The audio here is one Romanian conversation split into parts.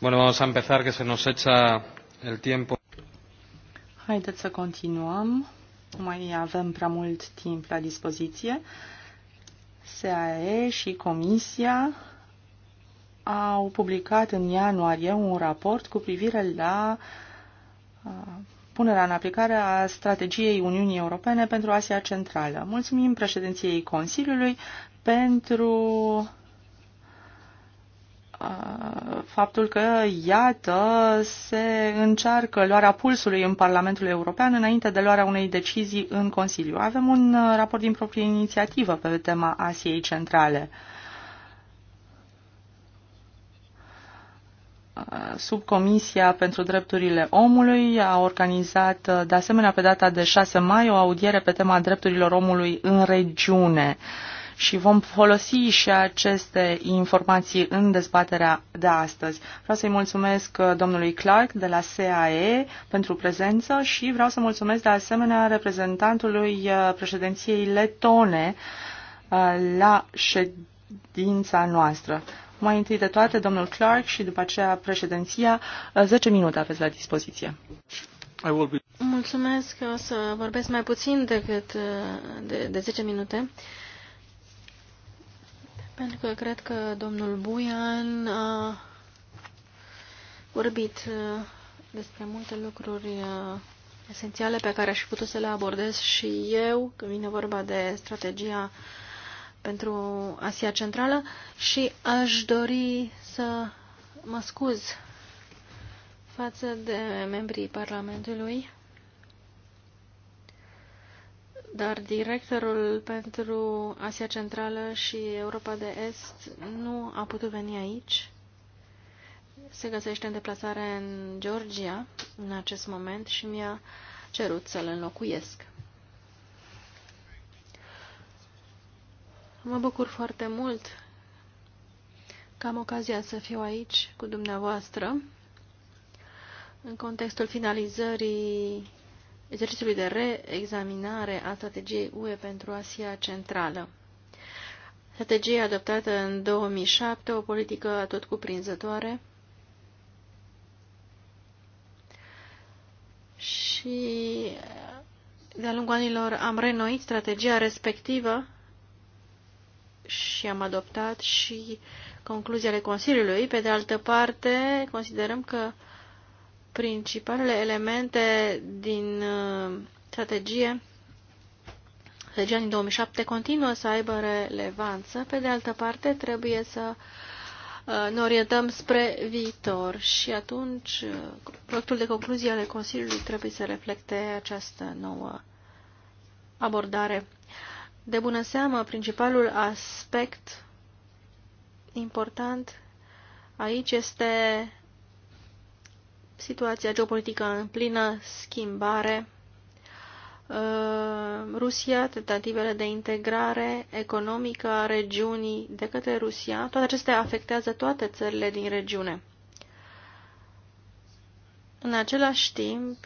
Bueno, vamos a empezar, que se nos echa el tiempo. Haideți să continuăm. Mai avem prea mult timp la dispoziție. SAE și Comisia au publicat în ianuarie un raport cu privire la uh, punerea în aplicare a strategiei Uniunii Europene pentru Asia Centrală. Mulțumim președinției Consiliului pentru Uh, faptul că, iată, se încearcă luarea pulsului în Parlamentul European înainte de luarea unei decizii în Consiliu. Avem un uh, raport din proprie inițiativă pe tema Asiei Centrale. Uh, Subcomisia pentru Drepturile Omului a organizat, de asemenea, pe data de 6 mai, o audiere pe tema drepturilor omului în regiune. Uh, și vom folosi și aceste informații în dezbaterea de astăzi. Vreau să-i mulțumesc uh, domnului Clark de la SAE pentru prezență și vreau să mulțumesc de asemenea reprezentantului uh, președinției letone uh, la ședința noastră. Mai întâi de toate, domnul Clark și după aceea președinția. 10 minute aveți la dispoziție. Mulțumesc, o să vorbesc mai puțin decât de, de 10 minute. Pentru că cred că domnul Buian a vorbit uh, despre multe lucruri uh, esențiale pe care aș fi putut să le abordez și eu, când vine vorba de strategia pentru Asia Centrală și aș dori să mă scuz față de membrii Parlamentului dar directorul pentru Asia Centrală și Europa de Est nu a putut veni aici. Se găsește în deplasare în Georgia în acest moment și mi-a cerut să-l înlocuiesc. Mă bucur foarte mult că am ocazia să fiu aici cu dumneavoastră în contextul finalizării exercițiului de reexaminare a strategiei UE pentru Asia Centrală. Strategia adoptată în 2007, o politică tot cuprinzătoare și de-a lungul anilor am renoit strategia respectivă și am adoptat și concluziile Consiliului. Pe de altă parte, considerăm că principalele elemente din uh, strategie, strategia din 2007, continuă să aibă relevanță. Pe de altă parte, trebuie să uh, ne orientăm spre viitor și atunci uh, proiectul de concluzie ale Consiliului trebuie să reflecte această nouă abordare. De bună seamă, principalul aspect important aici este situația geopolitică în plină schimbare, uh, Rusia, tentativele de integrare economică a regiunii de către Rusia, toate acestea afectează toate țările din regiune. În același timp,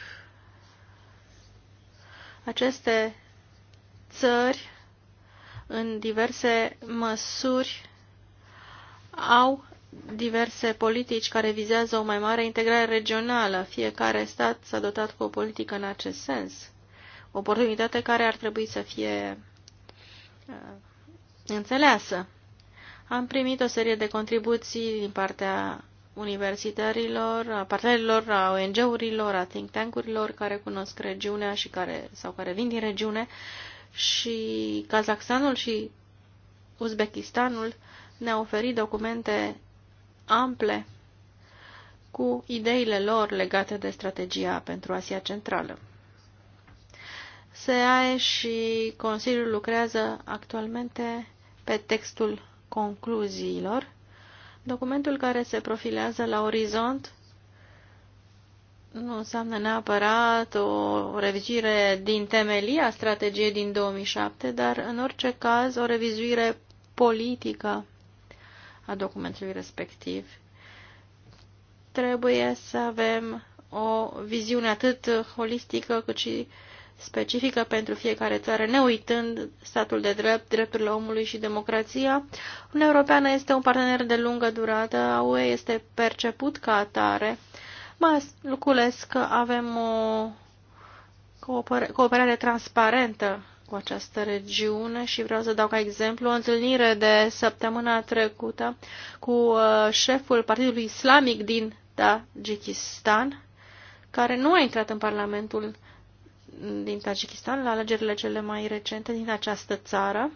aceste țări, în diverse măsuri, au diverse politici care vizează o mai mare integrare regională. Fiecare stat s-a dotat cu o politică în acest sens. Oportunitate care ar trebui să fie uh, înțeleasă. Am primit o serie de contribuții din partea universitarilor, a partenerilor, a ONG-urilor, a think tank-urilor care cunosc regiunea și care, sau care vin din regiune și Kazakhstanul și Uzbekistanul ne-au oferit documente ample cu ideile lor legate de strategia pentru Asia Centrală. SEAE și Consiliul lucrează actualmente pe textul concluziilor, documentul care se profilează la orizont nu înseamnă neapărat o revizuire din temelie a strategiei din 2007, dar în orice caz o revizuire politică a documentului respectiv. Trebuie să avem o viziune atât holistică cât și specifică pentru fiecare țară, ne uitând statul de drept, drepturile omului și democrația. Uniunea Europeană este un partener de lungă durată, a UE este perceput ca atare. Mă luculesc că avem o cooperare transparentă cu această regiune și vreau să dau ca exemplu o întâlnire de săptămâna trecută cu uh, șeful Partidului Islamic din Tajikistan, care nu a intrat în Parlamentul din Tajikistan la alegerile cele mai recente din această țară.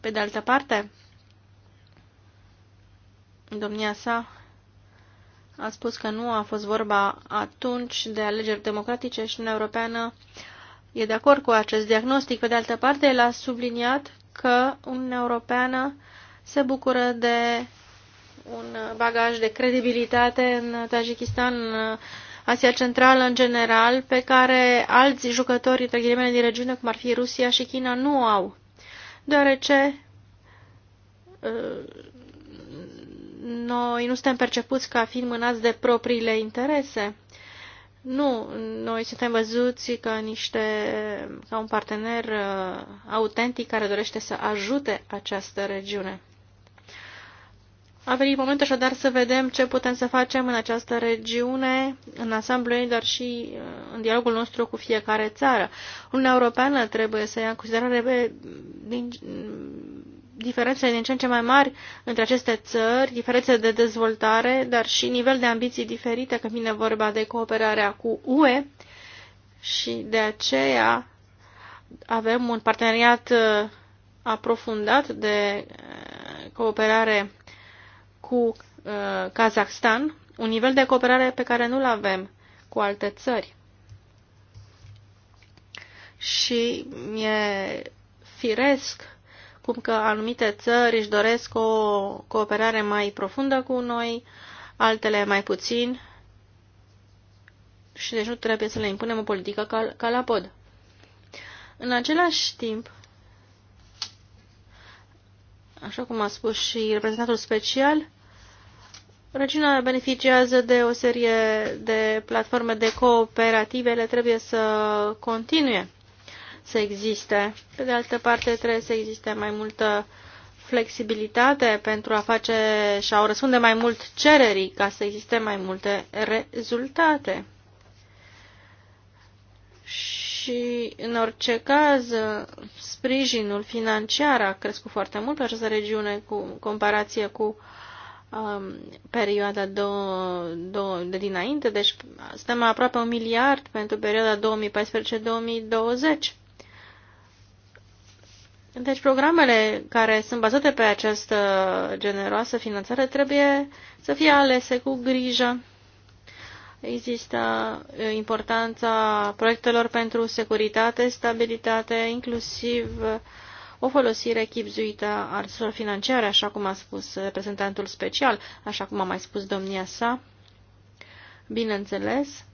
Pe de altă parte, domnia sa a spus că nu a fost vorba atunci de alegeri democratice și în Europeană uh, e de acord cu acest diagnostic. Pe de altă parte, el a subliniat că Uniunea Europeană se bucură de un bagaj de credibilitate în Tajikistan, în Asia Centrală în general, pe care alți jucători, între ghilimele, din regiune, cum ar fi Rusia și China, nu au. Deoarece uh, noi nu suntem percepuți ca fiind mânați de propriile interese. Nu, noi suntem văzuți ca niște, ca un partener uh, autentic care dorește să ajute această regiune. A venit momentul așadar să vedem ce putem să facem în această regiune, în ansamblu ei, dar și uh, în dialogul nostru cu fiecare țară. Uniunea Europeană trebuie să ia în considerare diferențele din ce în ce mai mari între aceste țări, diferențe de dezvoltare, dar și nivel de ambiții diferite când vine vorba de cooperarea cu UE și de aceea avem un parteneriat uh, aprofundat de uh, cooperare cu uh, Kazakhstan, un nivel de cooperare pe care nu-l avem cu alte țări. Și e firesc cum că anumite țări își doresc o cooperare mai profundă cu noi, altele mai puțin și deci nu trebuie să le impunem o politică ca, ca la pod. În același timp, așa cum a spus și reprezentantul special, regiunea beneficiază de o serie de platforme de cooperative, le trebuie să continue să existe. Pe de altă parte, trebuie să existe mai multă flexibilitate pentru a face și a răspunde mai mult cererii ca să existe mai multe rezultate. Și, în orice caz, sprijinul financiar a crescut foarte mult pe această regiune cu comparație cu um, perioada do, do, de dinainte, deci suntem aproape un miliard pentru perioada 2014-2020 deci programele care sunt bazate pe această generoasă finanțare trebuie să fie alese cu grijă. Există importanța proiectelor pentru securitate, stabilitate, inclusiv o folosire chipzuită a resurselor financiare, așa cum a spus reprezentantul special, așa cum a mai spus domnia sa. Bineînțeles,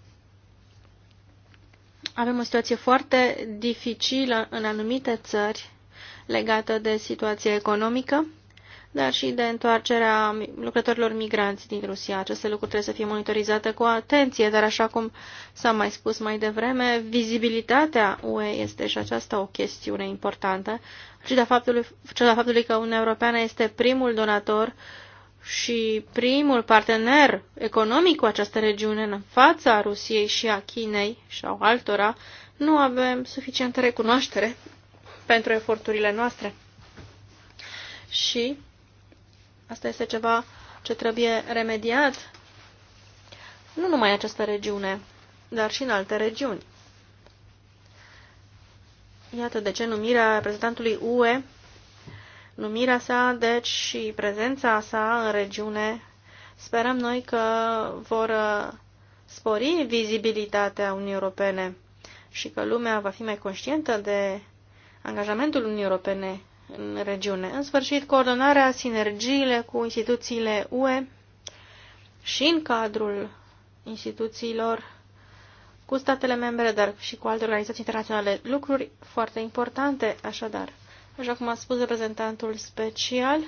avem o situație foarte dificilă în anumite țări legată de situația economică, dar și de întoarcerea lucrătorilor migranți din Rusia. Aceste lucruri trebuie să fie monitorizate cu atenție, dar așa cum s-a mai spus mai devreme, vizibilitatea UE este și aceasta o chestiune importantă, Și de faptul faptului că Uniunea Europeană este primul donator și primul partener economic cu această regiune în fața Rusiei și a Chinei sau altora, nu avem suficientă recunoaștere pentru eforturile noastre. Și asta este ceva ce trebuie remediat nu numai în această regiune, dar și în alte regiuni. Iată de ce numirea reprezentantului UE, numirea sa, deci și prezența sa în regiune, sperăm noi că vor uh, spori vizibilitatea Uniunii Europene și că lumea va fi mai conștientă de angajamentul Uniunii Europene în regiune. În sfârșit, coordonarea, sinergiile cu instituțiile UE și în cadrul instituțiilor cu statele membre, dar și cu alte organizații internaționale. Lucruri foarte importante, așadar. Așa cum a spus reprezentantul special,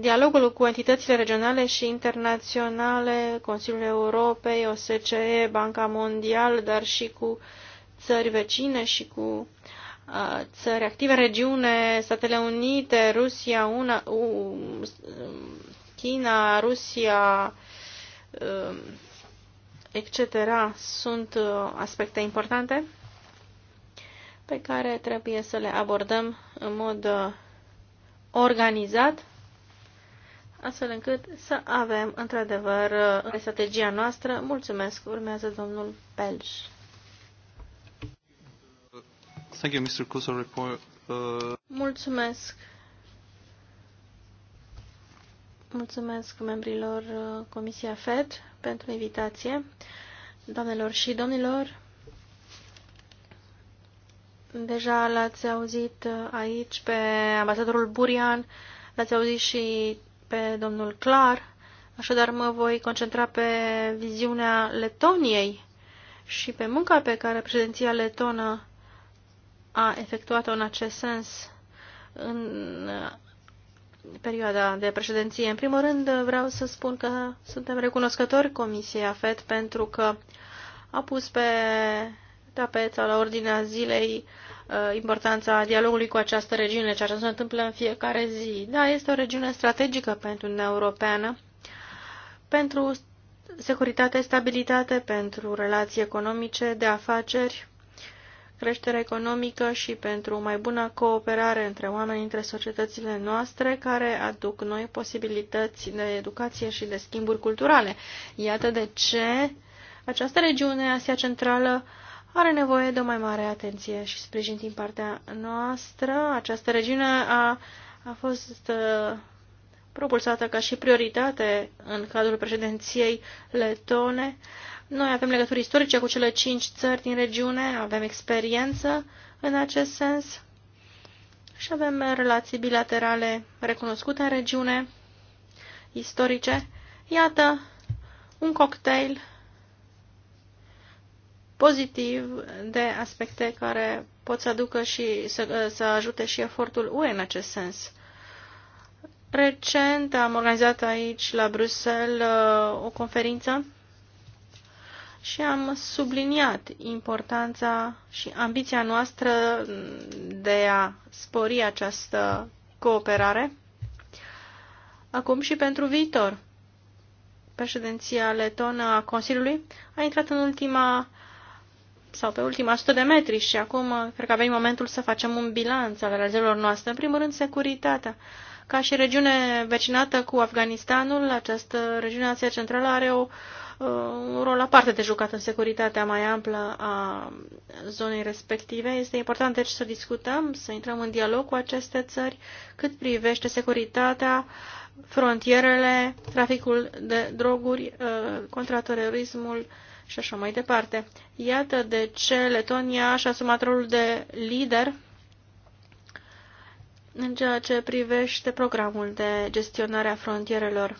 dialogul cu entitățile regionale și internaționale, Consiliul Europei, OSCE, Banca Mondială, dar și cu uh, țări vecine și cu țări active în regiune, Statele Unite, Rusia, una, U, China, Rusia, um, etc. sunt uh, aspecte importante pe care trebuie să le abordăm în mod uh, organizat, astfel încât să avem, într-adevăr, în uh, strategia noastră. Mulțumesc! Urmează domnul Pelș. Thank you, Mr. Kuso report. Uh... Mulțumesc. Mulțumesc membrilor uh, Comisia FED pentru invitație. Doamnelor și domnilor, deja l-ați auzit uh, aici pe ambasadorul Burian, l-ați auzit și pe domnul Clar, așadar mă voi concentra pe viziunea Letoniei și pe munca pe care președinția letonă a efectuat-o în acest sens în uh, perioada de președinție. În primul rând uh, vreau să spun că suntem recunoscători Comisiei AFET pentru că a pus pe tapet sau la ordinea zilei uh, importanța dialogului cu această regiune, ceea ce se întâmplă în fiecare zi. Da, este o regiune strategică pentru Uniunea Europeană, pentru securitate, stabilitate, pentru relații economice, de afaceri, creștere economică și pentru o mai bună cooperare între oameni, între societățile noastre, care aduc noi posibilități de educație și de schimburi culturale. Iată de ce această regiune, Asia Centrală, are nevoie de o mai mare atenție și sprijin din partea noastră. Această regiune a, a fost uh, propulsată ca și prioritate în cadrul președinției letone. Noi avem legături istorice cu cele cinci țări din regiune, avem experiență în acest sens și avem relații bilaterale recunoscute în regiune, istorice. Iată un cocktail pozitiv de aspecte care pot să aducă și să, să ajute și efortul UE în acest sens. Recent am organizat aici la Bruxelles o conferință și am subliniat importanța și ambiția noastră de a spori această cooperare acum și pentru viitor. Președinția letonă a Consiliului a intrat în ultima sau pe ultima 100 de metri și acum cred că avem momentul să facem un bilanț al realizărilor noastre. În primul rând, securitatea. Ca și regiune vecinată cu Afganistanul, această regiune Asia Centrală are o uh, Uh, un rol aparte de jucat în securitatea mai amplă a zonei respective. Este important deci să discutăm, să intrăm în dialog cu aceste țări cât privește securitatea, frontierele, traficul de droguri, uh, contraterorismul și așa mai departe. Iată de ce Letonia și-a asumat rolul de lider în ceea ce privește programul de gestionare a frontierelor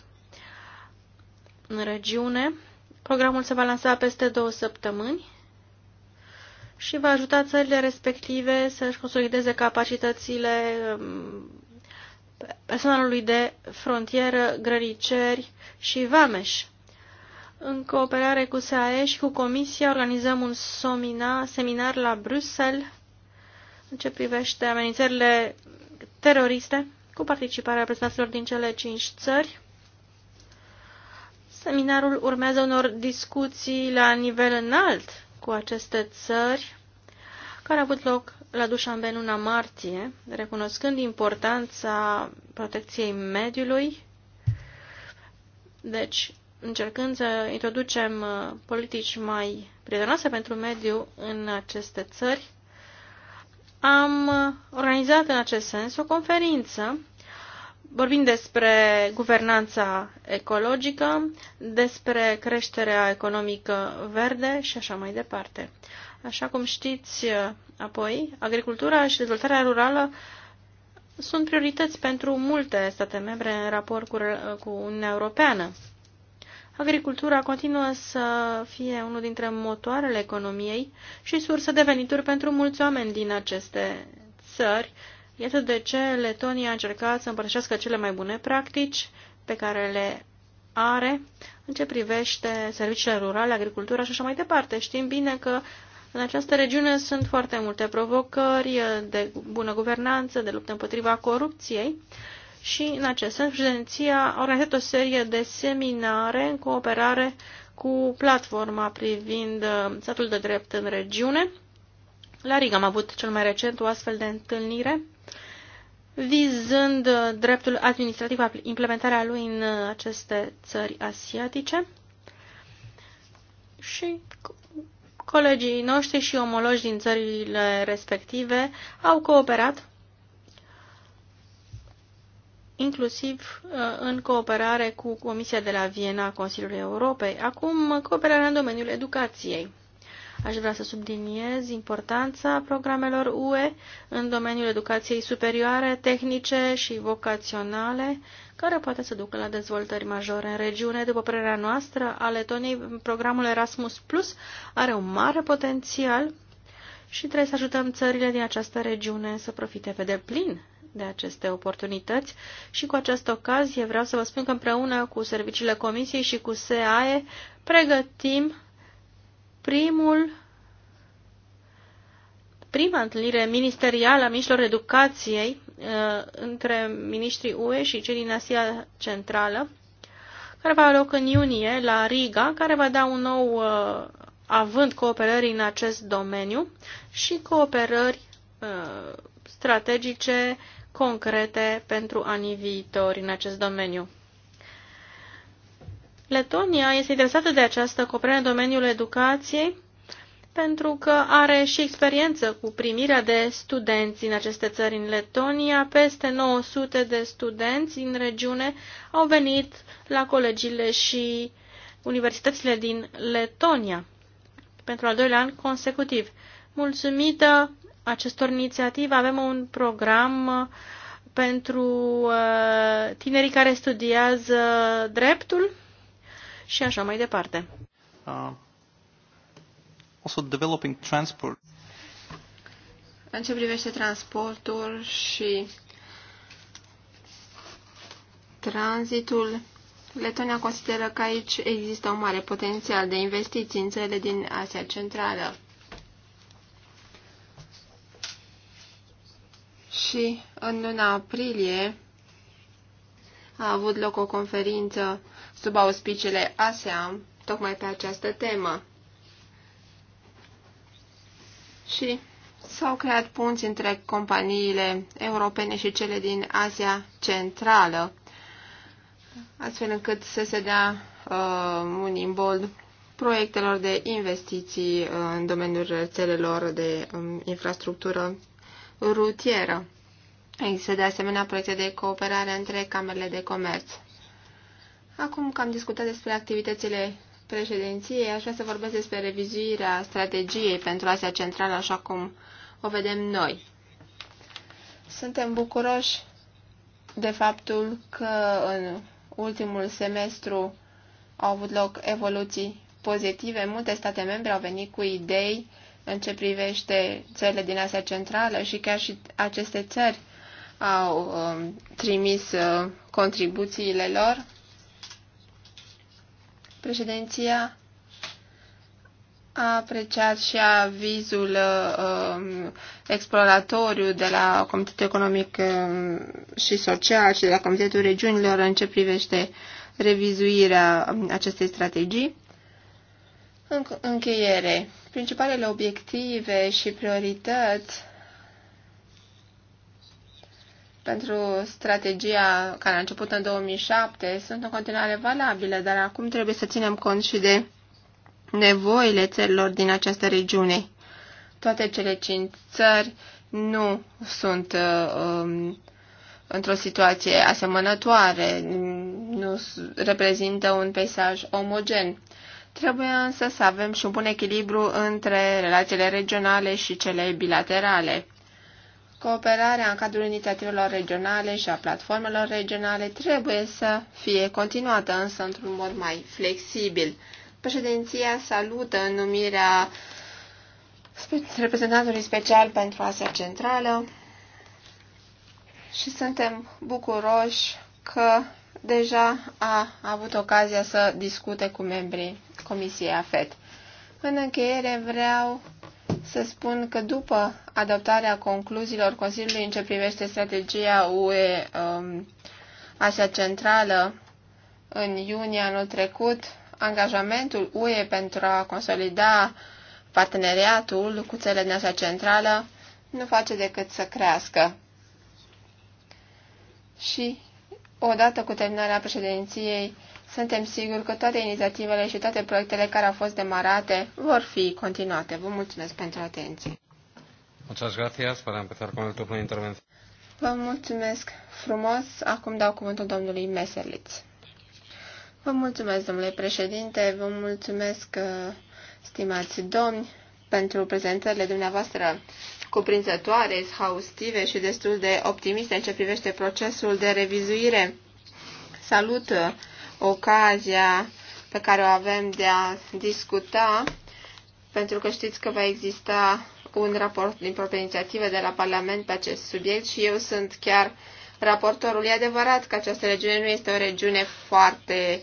în regiune Programul se va lansa peste două săptămâni și va ajuta țările respective să-și consolideze capacitățile um, personalului de frontieră, grăniceri și vameș. În cooperare cu SAE și cu Comisia organizăm un seminar la Bruxelles în ce privește amenințările teroriste cu participarea reprezentanților din cele cinci țări. Seminarul urmează unor discuții la nivel înalt cu aceste țări, care a avut loc la Dușanbe în luna martie, recunoscând importanța protecției mediului. Deci, încercând să introducem uh, politici mai prietenoase pentru mediu în aceste țări, am uh, organizat în acest sens o conferință Vorbim despre guvernanța ecologică, despre creșterea economică verde și așa mai departe. Așa cum știți, apoi, agricultura și dezvoltarea rurală sunt priorități pentru multe state membre în raport cu, cu Uniunea Europeană. Agricultura continuă să fie unul dintre motoarele economiei și sursă de venituri pentru mulți oameni din aceste țări, Iată de ce Letonia a încercat să împărtășească cele mai bune practici pe care le are în ce privește serviciile rurale, agricultura și așa mai departe. Știm bine că în această regiune sunt foarte multe provocări de bună guvernanță, de luptă împotriva corupției și, în acest sens, președinția a organizat o serie de seminare în cooperare cu platforma privind uh, statul de drept în regiune. La Riga am avut cel mai recent o astfel de întâlnire vizând uh, dreptul administrativ, implementarea lui în uh, aceste țări asiatice. Și colegii noștri și omologi din țările respective au cooperat, inclusiv uh, în cooperare cu Comisia de la Viena a Consiliului Europei. Acum, cooperarea în domeniul educației. Aș vrea să subliniez importanța programelor UE în domeniul educației superioare, tehnice și vocaționale, care poate să ducă la dezvoltări majore în regiune. După părerea noastră, a Letoniei, programul Erasmus Plus are un mare potențial și trebuie să ajutăm țările din această regiune să profite pe deplin de aceste oportunități și cu această ocazie vreau să vă spun că împreună cu serviciile Comisiei și cu SEAE pregătim Primul, prima întâlnire ministerială a ministrilor educației uh, între ministrii UE și cei din Asia Centrală, care va loc în iunie la Riga, care va da un nou uh, având cooperări în acest domeniu și cooperări uh, strategice concrete pentru anii viitori în acest domeniu. Letonia este interesată de această cooperare în domeniul educației pentru că are și experiență cu primirea de studenți în aceste țări. În Letonia, peste 900 de studenți în regiune au venit la colegiile și universitățile din Letonia pentru al doilea an consecutiv. Mulțumită acestor inițiative avem un program uh, pentru uh, tinerii care studiază dreptul și așa mai departe. Uh, also developing transport. În ce privește transportul și tranzitul, Letonia consideră că aici există un mare potențial de investiții în țările din Asia Centrală. Și în luna aprilie a avut loc o conferință sub auspiciile ASEAM, tocmai pe această temă. Și s-au creat punți între companiile europene și cele din Asia Centrală, astfel încât să se dea uh, un imbold proiectelor de investiții în domeniul rețelelor de um, infrastructură rutieră. Există de asemenea proiecte de cooperare între camerele de comerț. Acum că am discutat despre activitățile președinției, aș vrea să vorbesc despre revizuirea strategiei pentru Asia Centrală, așa cum o vedem noi. Suntem bucuroși de faptul că în ultimul semestru au avut loc evoluții pozitive. Multe state membre au venit cu idei în ce privește țările din Asia Centrală și chiar și aceste țări au um, trimis uh, contribuțiile lor. Președinția a apreciat și avizul uh, exploratoriu de la Comitetul Economic uh, și Social și de la Comitetul Regiunilor în ce privește revizuirea um, acestei strategii. În încheiere, principalele obiective și priorități pentru strategia care a început în 2007 sunt în continuare valabile, dar acum trebuie să ținem cont și de nevoile țărilor din această regiune. Toate cele cinci țări nu sunt uh, um, într-o situație asemănătoare, nu reprezintă un peisaj omogen. Trebuie însă să avem și un bun echilibru între relațiile regionale și cele bilaterale. Cooperarea în cadrul inițiativelor regionale și a platformelor regionale trebuie să fie continuată, însă într-un mod mai flexibil. Președinția salută numirea reprezentantului special pentru Asia Centrală și suntem bucuroși că deja a avut ocazia să discute cu membrii Comisiei AFET. În încheiere vreau să spun că după adoptarea concluziilor Consiliului în ce privește strategia UE um, Asia Centrală în iunie anul trecut, angajamentul UE pentru a consolida parteneriatul cu țările din Asia Centrală nu face decât să crească. Și odată cu terminarea președinției suntem siguri că toate inițiativele și toate proiectele care au fost demarate vor fi continuate. Vă mulțumesc pentru atenție. Muchas gracias para empezar con el turno de Vă mulțumesc frumos. Acum dau cuvântul domnului Meserliț. Vă mulțumesc, domnule președinte, vă mulțumesc, uh, stimați domni, pentru prezentările dumneavoastră cuprinzătoare, haustive și destul de optimiste în ce privește procesul de revizuire. Salut uh, ocazia pe care o avem de a discuta, pentru că știți că va exista un raport din proprie inițiativă de la Parlament pe acest subiect și eu sunt chiar raportorul. E adevărat că această regiune nu este o regiune foarte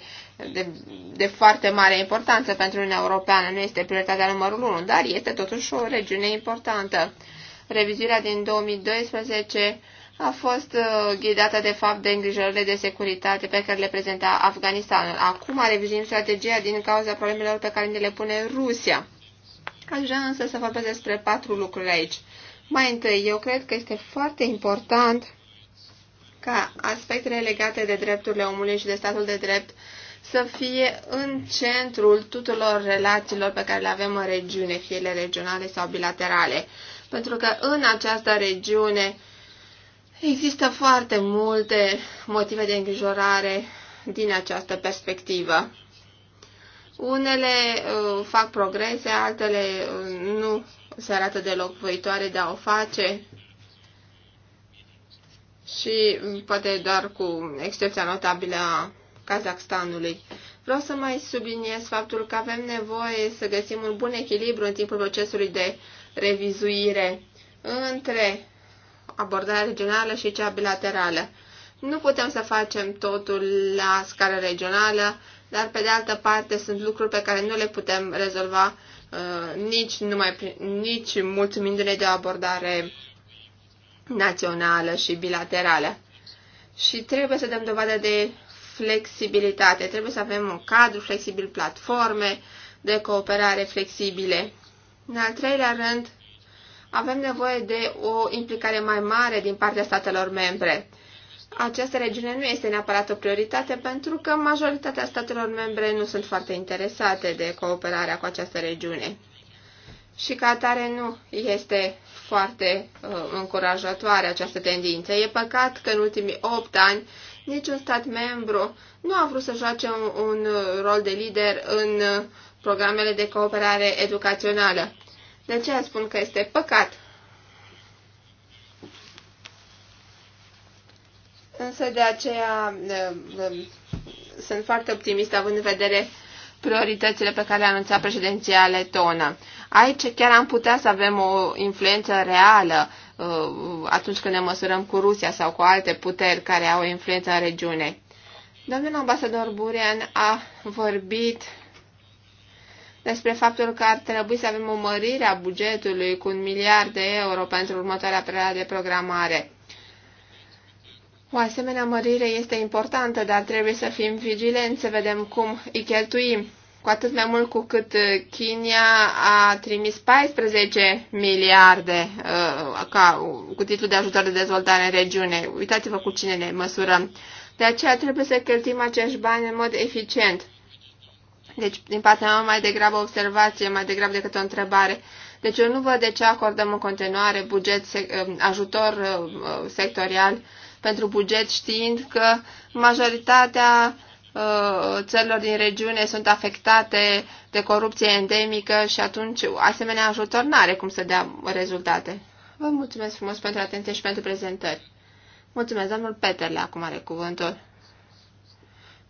de, de foarte mare importanță pentru Uniunea Europeană, nu este prioritatea numărul 1, dar este totuși o regiune importantă. Revizuirea din 2012 a fost uh, ghidată de fapt de îngrijorările de securitate pe care le prezenta Afganistanul. Acum revizuim strategia din cauza problemelor pe care ne le pune Rusia. Aș vrea însă să vorbesc despre patru lucruri aici. Mai întâi, eu cred că este foarte important ca aspectele legate de drepturile omului și de statul de drept să fie în centrul tuturor relațiilor pe care le avem în regiune, fie ele regionale sau bilaterale. Pentru că în această regiune Există foarte multe motive de îngrijorare din această perspectivă. Unele uh, fac progrese, altele uh, nu se arată deloc voitoare de a o face și mm, poate doar cu excepția notabilă a Kazakhstanului. Vreau să mai subliniez faptul că avem nevoie să găsim un bun echilibru în timpul procesului de revizuire între abordarea regională și cea bilaterală. Nu putem să facem totul la scară regională, dar pe de altă parte sunt lucruri pe care nu le putem rezolva uh, nici, numai, nici mulțumindu-ne de o abordare națională și bilaterală. Și trebuie să dăm dovadă de flexibilitate. Trebuie să avem un cadru flexibil, platforme de cooperare flexibile. În al treilea rând, avem nevoie de o implicare mai mare din partea statelor membre. Această regiune nu este neapărat o prioritate pentru că majoritatea statelor membre nu sunt foarte interesate de cooperarea cu această regiune. Și ca atare nu este foarte uh, încurajatoare această tendință. E păcat că în ultimii 8 ani niciun stat membru nu a vrut să joace un, un rol de lider în uh, programele de cooperare educațională. De aceea spun că este păcat. Însă de aceea sunt foarte optimist având în vedere prioritățile pe care le-a anunțat președinția letonă. Aici chiar am putea să avem o influență reală atunci când ne măsurăm cu Rusia sau cu alte puteri care au influență în regiune. Domnul ambasador Burian a vorbit despre faptul că ar trebui să avem o mărire a bugetului cu un miliard de euro pentru următoarea perioadă de programare. O asemenea mărire este importantă, dar trebuie să fim vigilenți, să vedem cum îi cheltuim. Cu atât mai mult cu cât Kenya uh, a trimis 14 miliarde uh, ca, uh, cu titlul de ajutor de dezvoltare în regiune. Uitați-vă cu cine ne măsurăm. De aceea trebuie să cheltuim acești bani în mod eficient. Deci, din partea mea, mai degrabă observație, mai degrabă decât o întrebare. Deci eu nu văd de ce acordăm în continuare buget, uh, ajutor uh, uh, sectorial pentru buget, știind că majoritatea țărilor din regiune sunt afectate de corupție endemică și atunci asemenea ajutor nu are cum să dea rezultate. Vă mulțumesc frumos pentru atenție și pentru prezentări. Mulțumesc, domnul Peterle, acum are cuvântul.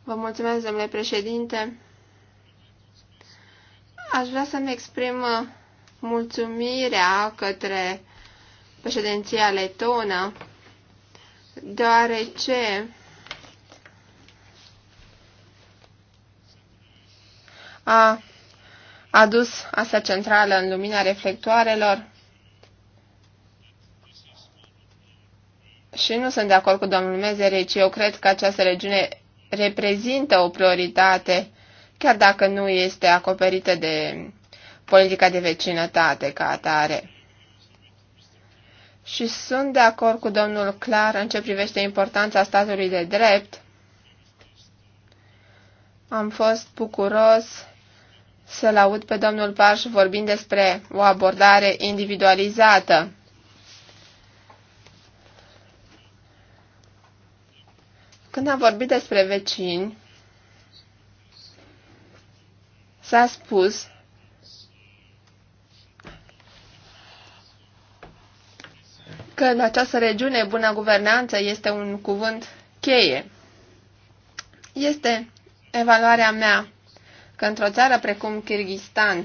Vă mulțumesc, domnule președinte. Aș vrea să-mi exprim uh, mulțumirea către președinția letonă, deoarece a adus asta centrală în lumina reflectoarelor și nu sunt de acord cu domnul Mezerici. Eu cred că această regiune reprezintă o prioritate chiar dacă nu este acoperită de politica de vecinătate ca atare. Și sunt de acord cu domnul Clar în ce privește importanța statului de drept. Am fost bucuros să-l aud pe domnul Paș vorbind despre o abordare individualizată. Când am vorbit despre vecini, S-a spus că în această regiune bună guvernanță este un cuvânt cheie. Este evaluarea mea că într-o țară precum Kirghistan,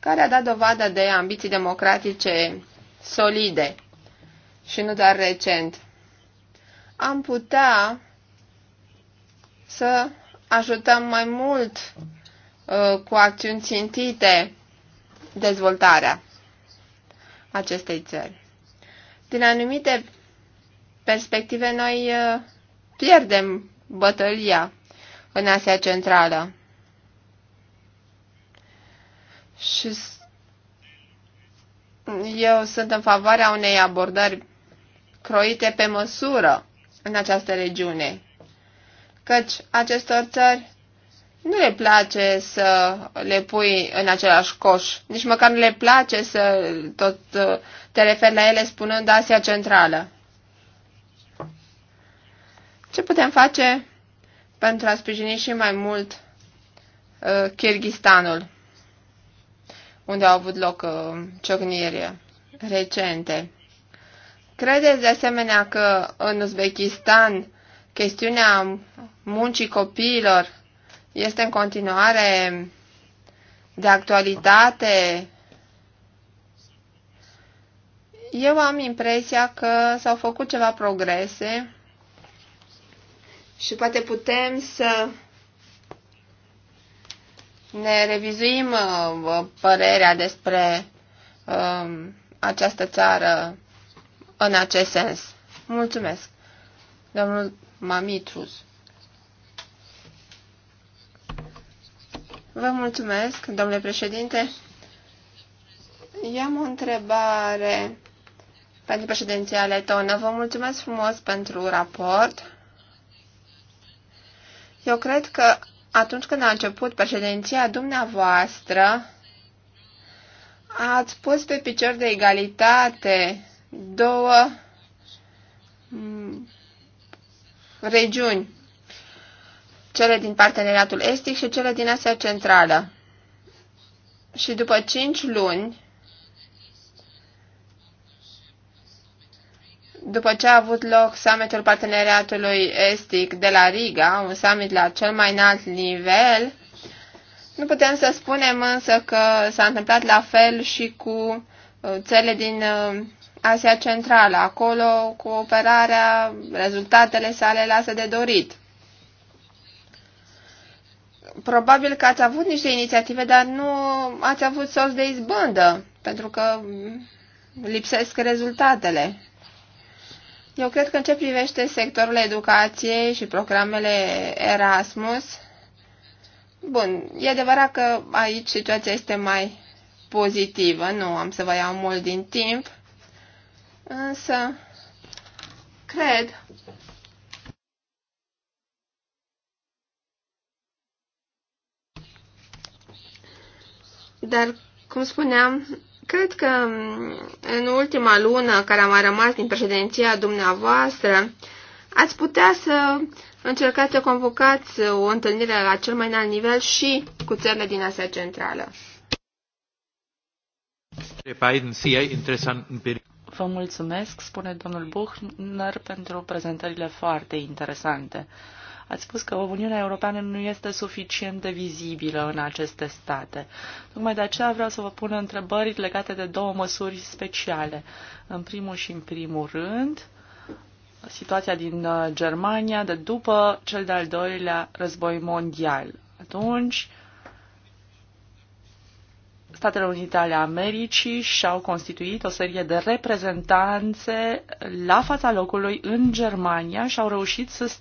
care a dat dovadă de ambiții democratice solide și nu doar recent, am putea să ajutăm mai mult uh, cu acțiuni țintite dezvoltarea acestei țări. Din anumite perspective, noi uh, pierdem bătălia în Asia Centrală. Și eu sunt în favoarea unei abordări croite pe măsură în această regiune căci acestor țări nu le place să le pui în același coș. Nici măcar nu le place să tot uh, te referi la ele spunând Asia Centrală. Ce putem face pentru a sprijini și mai mult uh, Kirghistanul, unde au avut loc uh, ciocniri recente? Credeți de asemenea că în Uzbekistan chestiunea muncii copiilor este în continuare de actualitate. Eu am impresia că s-au făcut ceva progrese și poate putem să ne revizuim uh, părerea despre um, această țară în acest sens. Mulțumesc. Domnul Mamitrus. Vă mulțumesc, domnule președinte. I-am o întrebare pentru președinția letonă. Vă mulțumesc frumos pentru raport. Eu cred că atunci când a început președinția dumneavoastră, ați pus pe picior de egalitate două regiuni, cele din parteneriatul estic și cele din Asia Centrală. Și după cinci luni, după ce a avut loc summitul parteneriatului estic de la Riga, un summit la cel mai înalt nivel, nu putem să spunem însă că s-a întâmplat la fel și cu cele uh, din uh, Asia Centrală. Acolo cooperarea, rezultatele sale lasă de dorit. Probabil că ați avut niște inițiative, dar nu ați avut sos de izbândă, pentru că lipsesc rezultatele. Eu cred că în ce privește sectorul educației și programele Erasmus, bun, e adevărat că aici situația este mai pozitivă, nu am să vă iau mult din timp, Însă, cred Dar, cum spuneam, cred că în ultima lună care a mai rămas din președinția dumneavoastră, ați putea să încercați să convocați o întâlnire la cel mai înalt nivel și cu țările din Asia Centrală. Biden interessanten Vă mulțumesc, spune domnul Buchner, pentru prezentările foarte interesante. Ați spus că Uniunea Europeană nu este suficient de vizibilă în aceste state. Tocmai de aceea vreau să vă pun întrebări legate de două măsuri speciale. În primul și în primul rând, situația din uh, Germania de după cel de-al doilea război mondial. Atunci, Statele Unite ale Americii și-au constituit o serie de reprezentanțe la fața locului în Germania și au reușit să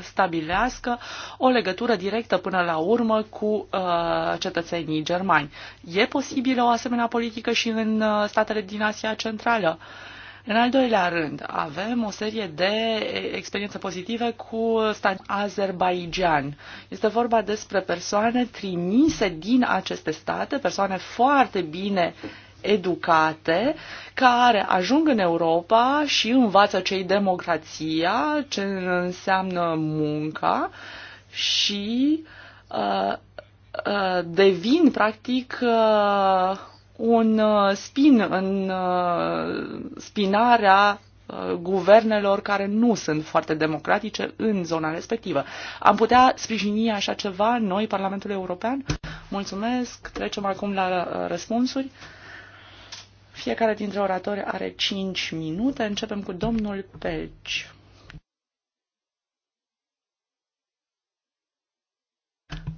stabilească o legătură directă până la urmă cu uh, cetățenii germani. E posibilă o asemenea politică și în uh, statele din Asia Centrală? Uh, în al doilea rând, avem o serie de experiențe pozitive cu statul Azerbaijan. Este vorba despre persoane trimise din aceste state, persoane foarte bine educate care ajung în Europa și învață cei democrația, ce înseamnă munca și uh, uh, devin practic uh, un uh, spin în uh, spinarea uh, guvernelor care nu sunt foarte democratice în zona respectivă. Am putea sprijini așa ceva noi, Parlamentul European? Mulțumesc. Trecem acum la răspunsuri. Fiecare dintre oratori are 5 minute. Începem cu domnul Pelci.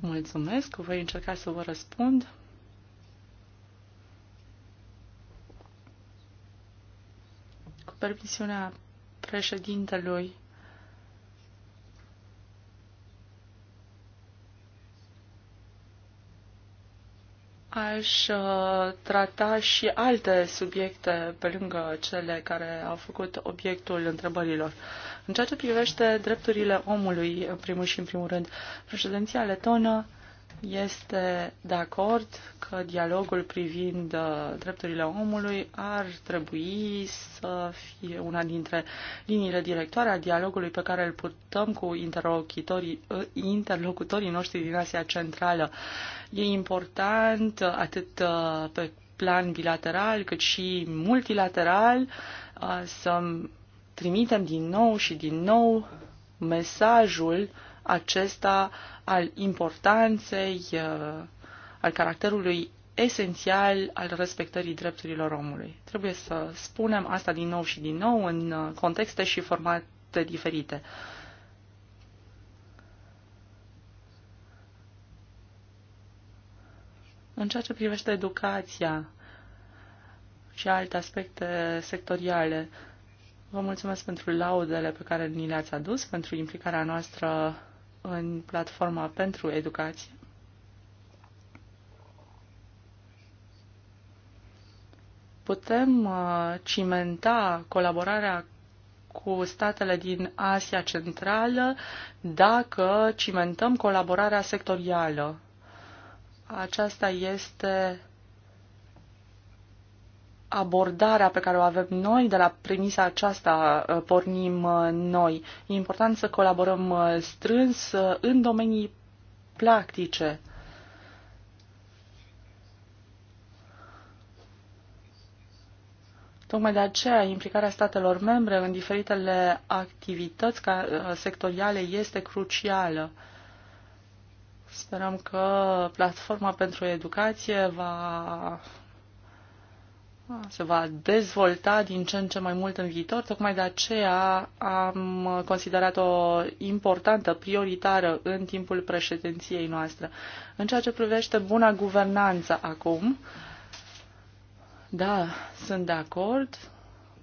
Mulțumesc. Voi încerca să vă răspund. permisiunea președintelui. Aș uh, trata și alte subiecte pe lângă cele care au făcut obiectul întrebărilor. În ceea ce privește drepturile omului, în primul și în primul rând, președinția letonă este de acord că dialogul privind uh, drepturile omului ar trebui să fie una dintre liniile directoare a dialogului pe care îl purtăm cu interlocutorii, uh, noștri din Asia Centrală. E important uh, atât pe plan bilateral cât și multilateral să trimitem din nou și din nou mesajul uh, acesta al importanței, uh, al caracterului esențial al respectării drepturilor omului. Trebuie să spunem asta din nou și din nou în uh, contexte și formate diferite. În ceea ce privește educația și alte aspecte sectoriale, vă mulțumesc pentru laudele pe care ni le-ați adus, pentru implicarea noastră în platforma pentru educație. Putem uh, cimenta colaborarea cu statele din Asia Centrală dacă cimentăm colaborarea sectorială. Aceasta este abordarea pe care o avem noi, de la premisa aceasta uh, pornim uh, noi. E important să colaborăm uh, strâns în domenii practice. Tocmai de aceea, implicarea statelor membre în diferitele activități sectoriale este crucială. Sperăm că platforma pentru educație va se va dezvolta din ce în ce mai mult în viitor. Tocmai de aceea am considerat-o importantă, prioritară în timpul președinției noastre. În ceea ce privește buna guvernanță acum, da, sunt de acord.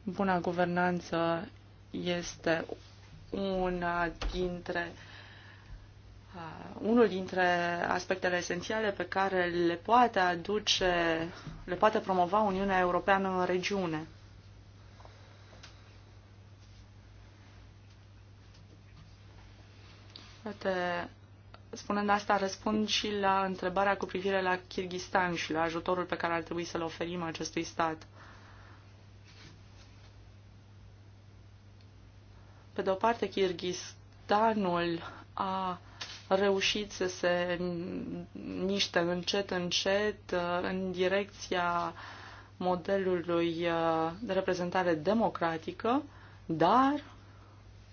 Buna guvernanță este una dintre uh, Uh, unul dintre aspectele esențiale pe care le poate aduce, le poate promova Uniunea Europeană în regiune. Poate, spunând asta, răspund și la întrebarea cu privire la Kirghistan și la ajutorul pe care ar trebui să-l oferim acestui stat. Pe de o parte, Kirghistanul a reușit să se niște încet, încet uh, în direcția modelului uh, de reprezentare democratică, dar,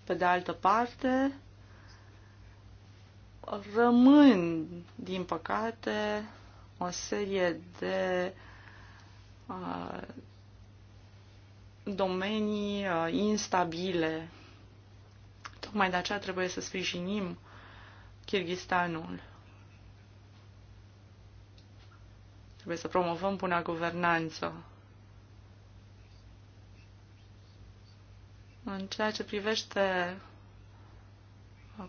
pe de altă parte, rămân, din păcate, o serie de uh, domenii uh, instabile. Tocmai de aceea trebuie să sprijinim Kirghistanul. Trebuie să promovăm buna guvernanță. În ceea ce privește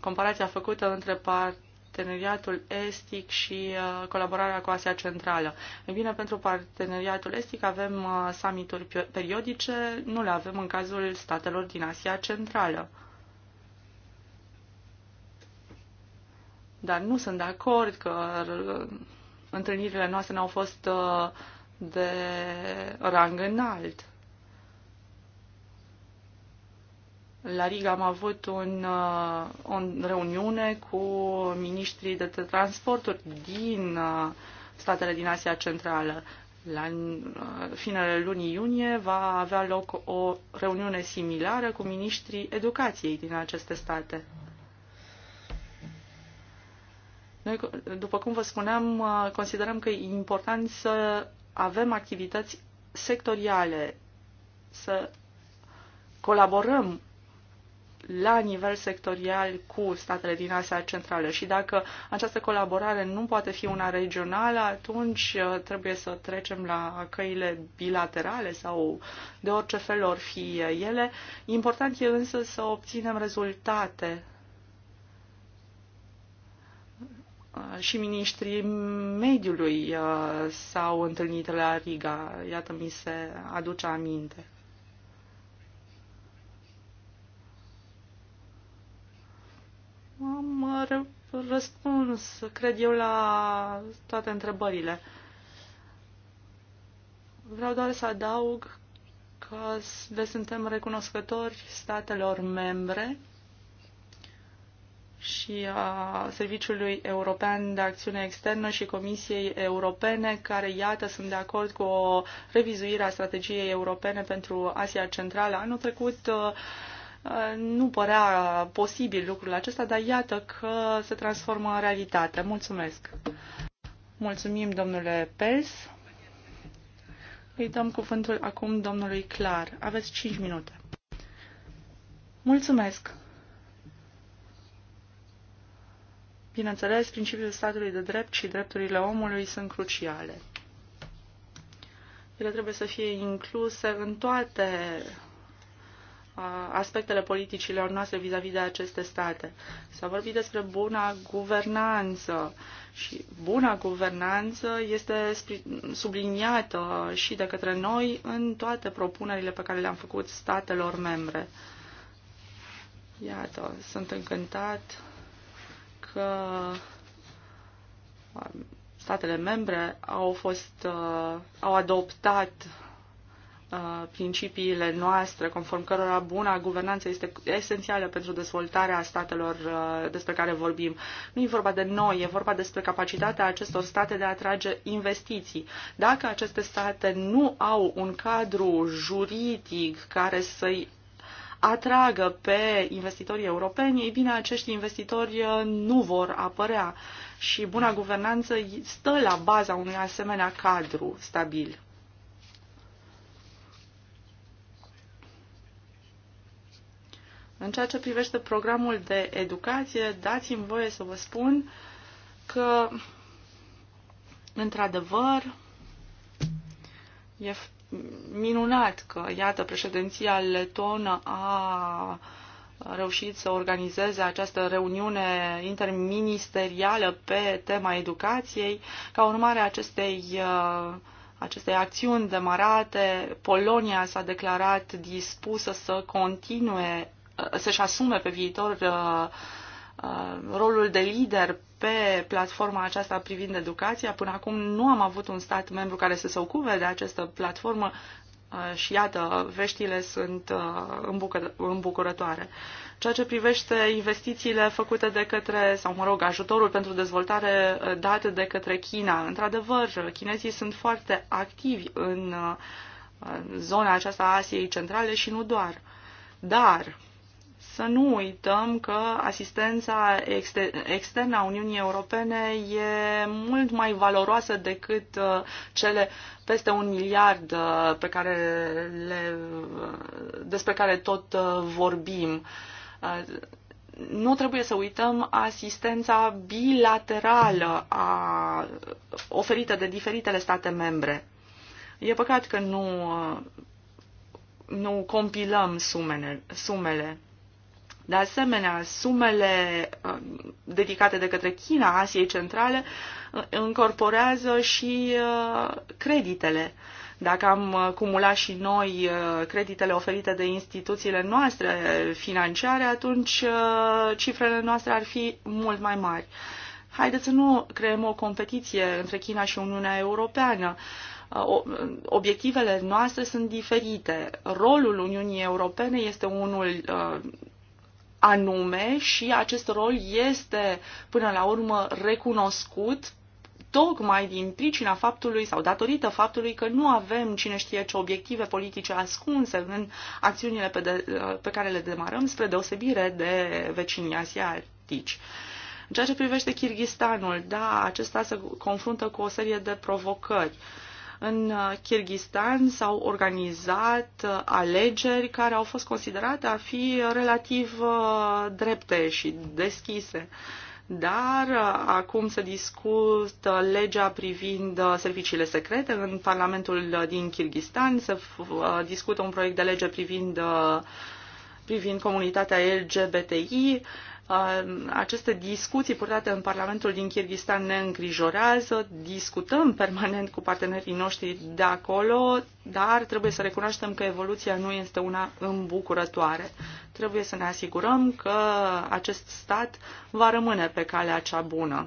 comparația făcută între parteneriatul estic și uh, colaborarea cu Asia Centrală. E bine, pentru parteneriatul estic avem uh, summituri periodice, nu le avem în cazul statelor din Asia Centrală. Dar nu sunt de acord că uh, întâlnirile noastre n-au fost uh, de rang înalt. La Riga am avut un, uh, o reuniune cu ministrii de transporturi din statele din Asia Centrală. La finele lunii iunie va avea loc o reuniune similară cu ministrii educației din aceste state. Noi, după cum vă spuneam, considerăm că e important să avem activități sectoriale, să colaborăm la nivel sectorial cu statele din Asia Centrală și dacă această colaborare nu poate fi una regională, atunci uh, trebuie să trecem la căile bilaterale sau de orice fel or fi ele. Important e însă să obținem rezultate Uh, și ministrii mediului uh, s-au întâlnit la Riga. Iată, mi se aduce aminte. Am uh, răspuns, cred eu, la toate întrebările. Vreau doar să adaug că le suntem recunoscători statelor membre și a Serviciului European de Acțiune Externă și Comisiei Europene, care, iată, sunt de acord cu o revizuire a strategiei europene pentru Asia Centrală. Anul trecut uh, uh, nu părea posibil lucrul acesta, dar iată că se transformă în realitate. Mulțumesc! Mulțumim, domnule Pels. Îi dăm cuvântul acum domnului Clar. Aveți 5 minute. Mulțumesc! Bineînțeles, principiul statului de drept și drepturile omului sunt cruciale. Ele trebuie să fie incluse în toate aspectele politicilor noastre vis-a-vis -vis de aceste state. S-a vorbit despre buna guvernanță și buna guvernanță este subliniată și de către noi în toate propunerile pe care le-am făcut statelor membre. Iată, sunt încântat că uh, statele membre au fost uh, au adoptat uh, principiile noastre, conform cărora buna guvernanță este esențială pentru dezvoltarea statelor despre care vorbim. Nu e vorba de noi, e vorba despre capacitatea acestor state de a atrage investiții. Dacă aceste state nu au un cadru juridic care să-i atragă pe investitorii europeni, ei bine, acești investitori uh, nu vor apărea și buna guvernanță stă la baza unui asemenea cadru stabil. În ceea ce privește programul de educație, dați-mi voie să vă spun că, într-adevăr, e minunat că, iată, președinția letonă a reușit să organizeze această reuniune interministerială pe tema educației. Ca urmare a acestei, uh, acestei acțiuni demarate, Polonia s-a declarat dispusă să continue, uh, să-și asume pe viitor uh, rolul de lider pe platforma aceasta privind educația. Până acum nu am avut un stat membru care să se ocupe de această platformă uh, și iată, veștile sunt uh, îmbucurătoare. Ceea ce privește investițiile făcute de către, sau mă rog, ajutorul pentru dezvoltare uh, dat de către China, într-adevăr, chinezii sunt foarte activi în zona aceasta a Asiei Centrale și nu doar. Dar să nu uităm că asistența externă a Uniunii Europene e mult mai valoroasă decât uh, cele peste un miliard uh, pe care le, uh, despre care tot vorbim. Nu trebuie să uităm asistența bilaterală a, oferită de diferitele state membre. E păcat că nu, nu compilăm sumele. sumele. De asemenea, sumele um, dedicate de către China Asiei Centrale uh, încorporează și uh, creditele. Dacă am uh, cumulat și noi creditele oferite de instituțiile noastre financiare, atunci cifrele noastre ar fi mult mai mari. Haideți să nu creăm o competiție între China și Uniunea Europeană obiectivele noastre sunt diferite. Rolul Uniunii Europene este unul anume și acest rol este până la urmă recunoscut tocmai din pricina faptului sau datorită faptului că nu avem cine știe ce obiective politice ascunse în acțiunile pe, de, pe care le demarăm, spre deosebire de vecinii asiatici. În ceea ce privește Kirghistanul, da, acesta se confruntă cu o serie de provocări. Uh, în uh, Kirghistan s-au organizat uh, alegeri care au fost considerate a fi relativ uh, drepte și deschise dar acum se discută legea privind serviciile secrete în Parlamentul din Kirghistan, se discută un proiect de lege privind privind comunitatea LGBTI. Uh, aceste discuții purtate în Parlamentul din Kyrgyzstan ne îngrijorează, discutăm permanent cu partenerii noștri de acolo, dar trebuie să recunoaștem că evoluția nu este una îmbucurătoare. Trebuie să ne asigurăm că acest stat va rămâne pe calea cea bună.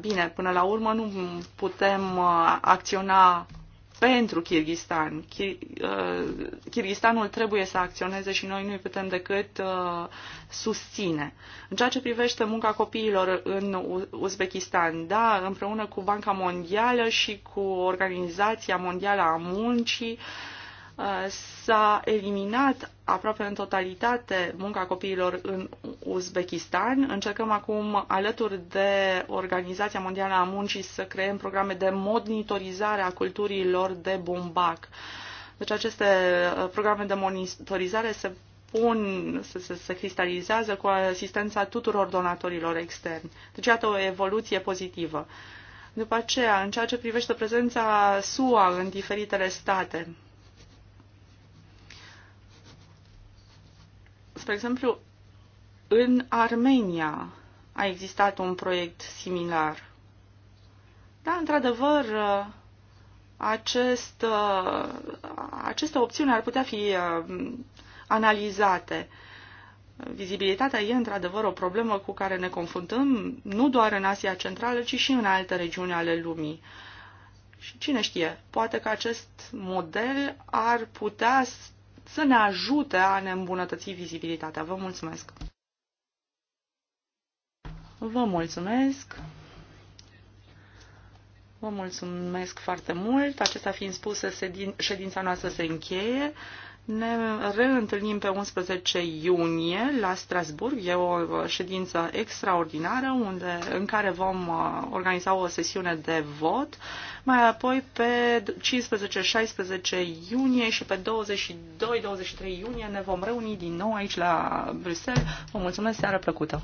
Bine, până la urmă nu putem uh, acționa pentru Kirghistan. Uh, Kirghistanul trebuie să acționeze și noi nu-i putem decât uh, susține. În ceea ce privește munca copiilor în Uzbekistan, da, împreună cu Banca Mondială și cu Organizația Mondială a Muncii, Uh, s-a eliminat aproape în totalitate munca copiilor în Uzbekistan. Încercăm acum, alături de Organizația Mondială a Muncii, să creăm programe de monitorizare a culturilor de bumbac. Deci aceste uh, programe de monitorizare se pun, se, se, se cristalizează cu asistența tuturor donatorilor externi. Deci iată o evoluție pozitivă. După aceea, în ceea ce privește prezența SUA în diferitele state, Spre exemplu, în Armenia a existat un proiect similar. Da, într-adevăr, acest, aceste opțiuni ar putea fi uh, analizate. Vizibilitatea e într-adevăr o problemă cu care ne confruntăm nu doar în Asia Centrală, ci și în alte regiuni ale lumii. Și cine știe, poate că acest model ar putea să ne ajute a ne îmbunătăți vizibilitatea. Vă mulțumesc! Vă mulțumesc! Vă mulțumesc foarte mult. Acesta fiind spus, ședința noastră se încheie. Ne reîntâlnim pe 11 iunie la Strasburg. E o uh, ședință extraordinară unde, în care vom uh, organiza o sesiune de vot. Mai apoi pe 15-16 iunie și pe 22-23 iunie ne vom reuni din nou aici la Bruxelles. Vă mulțumesc, seara plăcută!